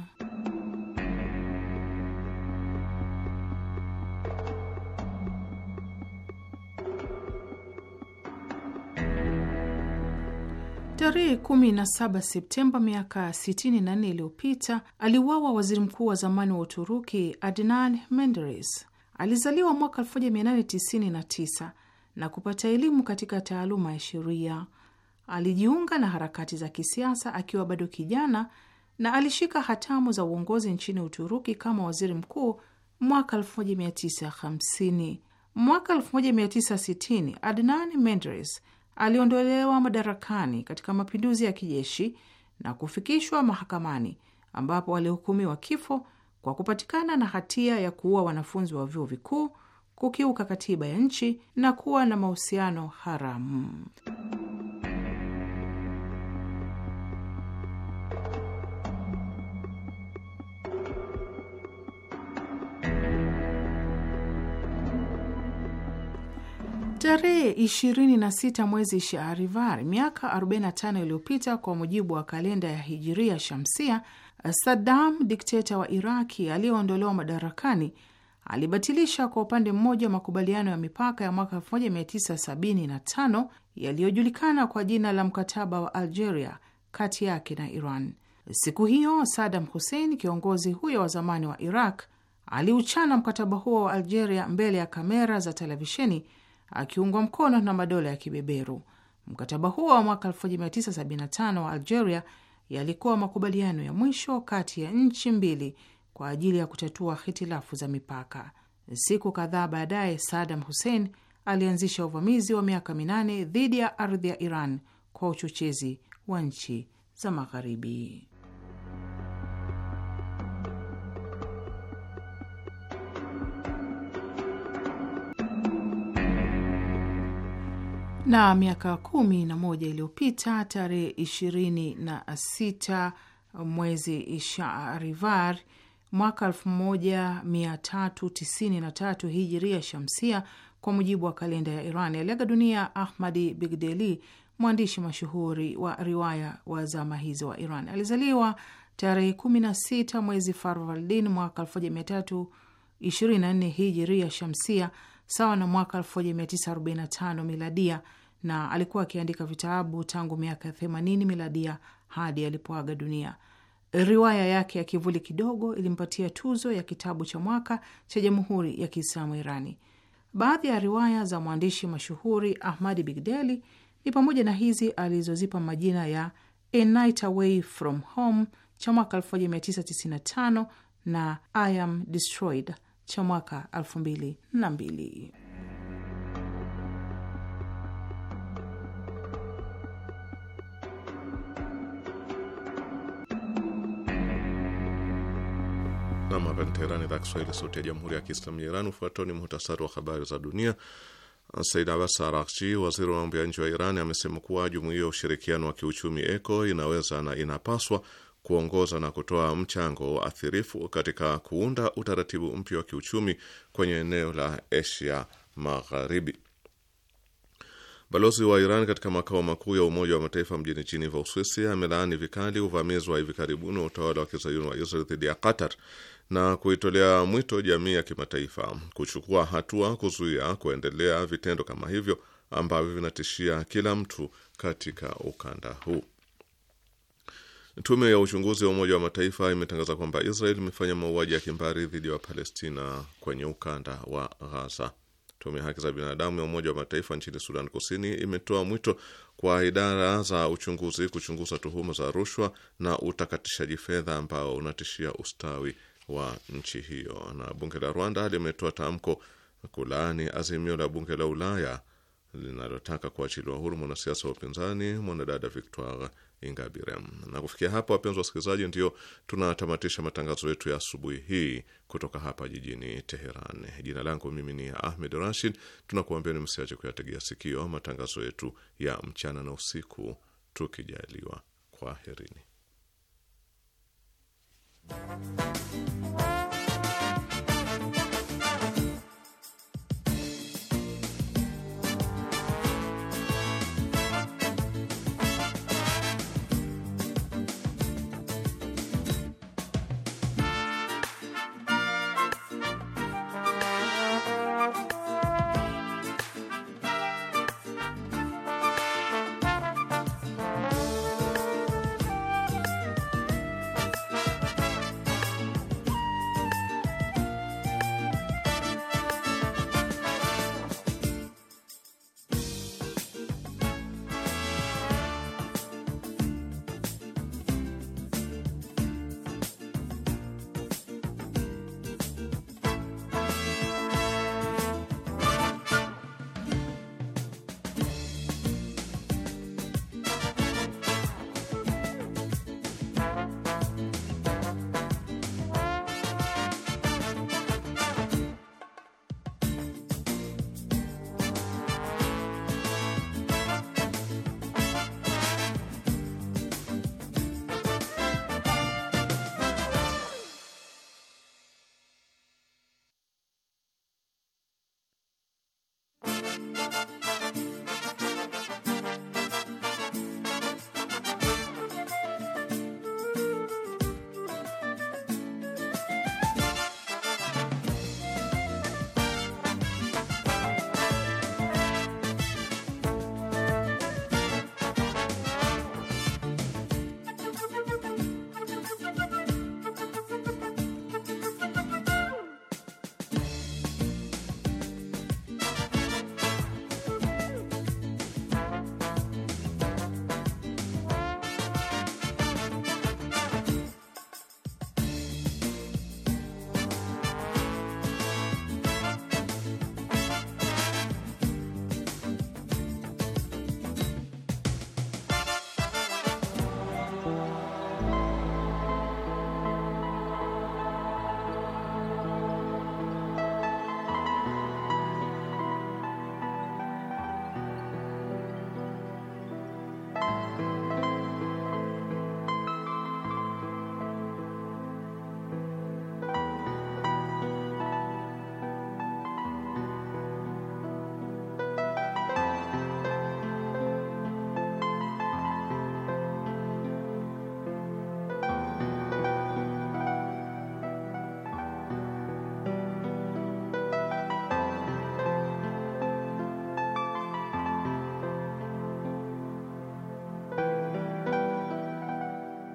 Tarehe 17 Septemba miaka 64 iliyopita aliuawa waziri mkuu wa zamani wa Uturuki Adnan Menderes. Alizaliwa mwaka 1899 na kupata elimu katika taaluma ya sheria. Alijiunga na harakati za kisiasa akiwa bado kijana na alishika hatamu za uongozi nchini Uturuki kama waziri mkuu mwaka 1950. Mwaka 1960 Adnan Menderes aliondolewa madarakani katika mapinduzi ya kijeshi na kufikishwa mahakamani ambapo alihukumiwa kifo kwa kupatikana na hatia ya kuua wanafunzi wa vyuo vikuu, kukiuka katiba ya nchi na kuwa na mahusiano haramu. Tarehe 26 mwezi shaharivar miaka 45 iliyopita kwa mujibu wa kalenda ya Hijiria Shamsia, Saddam dikteta wa Iraki aliyeondolewa madarakani alibatilisha kwa upande mmoja makubaliano ya mipaka ya mwaka 1975 yaliyojulikana kwa jina la mkataba wa Algeria kati yake na Iran. Siku hiyo Saddam Hussein, kiongozi huyo wa zamani wa Iraq, aliuchana mkataba huo wa Algeria mbele ya kamera za televisheni akiungwa mkono na madola ya kibeberu. Mkataba huo wa mwaka 1975 wa Algeria yalikuwa makubaliano ya mwisho kati ya nchi mbili kwa ajili ya kutatua hitilafu za mipaka. Siku kadhaa baadaye, Saddam Hussein alianzisha uvamizi wa miaka minane dhidi ya ardhi ya Iran kwa uchochezi wa nchi za Magharibi. Na miaka kumi na moja iliyopita tarehe ishirini na sita mwezi Shahrivar mwaka 1393 hijiria shamsia kwa mujibu wa kalenda ya Iran aliaga dunia Ahmadi Bigdeli, mwandishi mashuhuri wa riwaya wa zama hizo wa Iran. Alizaliwa tarehe 16 mwezi Farvardin mwaka nne hijiria shamsia sawa na mwaka 1945 miladia na alikuwa akiandika vitabu tangu miaka 80 miladia hadi alipoaga dunia. Riwaya yake ya Kivuli Kidogo ilimpatia tuzo ya kitabu cha mwaka cha Jamhuri ya Kiislamu Irani. Baadhi ya riwaya za mwandishi mashuhuri Ahmadi Bigdeli ni pamoja na hizi alizozipa majina ya A Night Away From Home cha mwaka 1995 na I Am Destroyed cha mwaka 2002. nam hapa ni Teherani, idhaa Kiswahili, sauti ya jamhuri ya kiislamu ya Iran. Ufuatao ni muhtasari wa habari za dunia. Said Abbas Arakchi, waziri wa mambo ya nje wa Iran, amesema kuwa jumuiya ya ushirikiano wa kiuchumi ECO inaweza na inapaswa kuongoza na kutoa mchango wa athirifu katika kuunda utaratibu mpya wa kiuchumi kwenye eneo la Asia Magharibi. Balozi wa Iran katika makao makuu ya Umoja wa Mataifa mjini Geneva, Uswisi, amelaani vikali uvamizi wa hivi karibuni wa utawala wa kizayuni wa Israel dhidi ya Qatar na kuitolea mwito jamii ya kimataifa kuchukua hatua kuzuia kuendelea vitendo kama hivyo ambavyo vinatishia kila mtu katika ukanda huu. Tume ya uchunguzi wa Umoja wa Mataifa imetangaza kwamba Israel imefanya mauaji ya kimbari dhidi ya Wapalestina kwenye ukanda wa Ghaza. Tume ya haki za binadamu ya Umoja wa Mataifa nchini Sudan Kusini imetoa mwito kwa idara za uchunguzi kuchunguza tuhuma za rushwa na utakatishaji fedha ambao unatishia ustawi wa nchi hiyo. Na bunge la Rwanda limetoa tamko kulaani azimio la bunge la Ulaya linalotaka kuachiliwa huru mwanasiasa wa upinzani mwanadada Victoire Ingabire. Na kufikia hapa, wapenzi wasikilizaji, ndio tunatamatisha matangazo yetu ya asubuhi hii kutoka hapa jijini Teheran. Jina langu mimi ni Ahmed Rashid. Tunakuambia ni msiache kuyategea sikio matangazo yetu ya mchana na usiku, tukijaliwa. Kwaherini. Música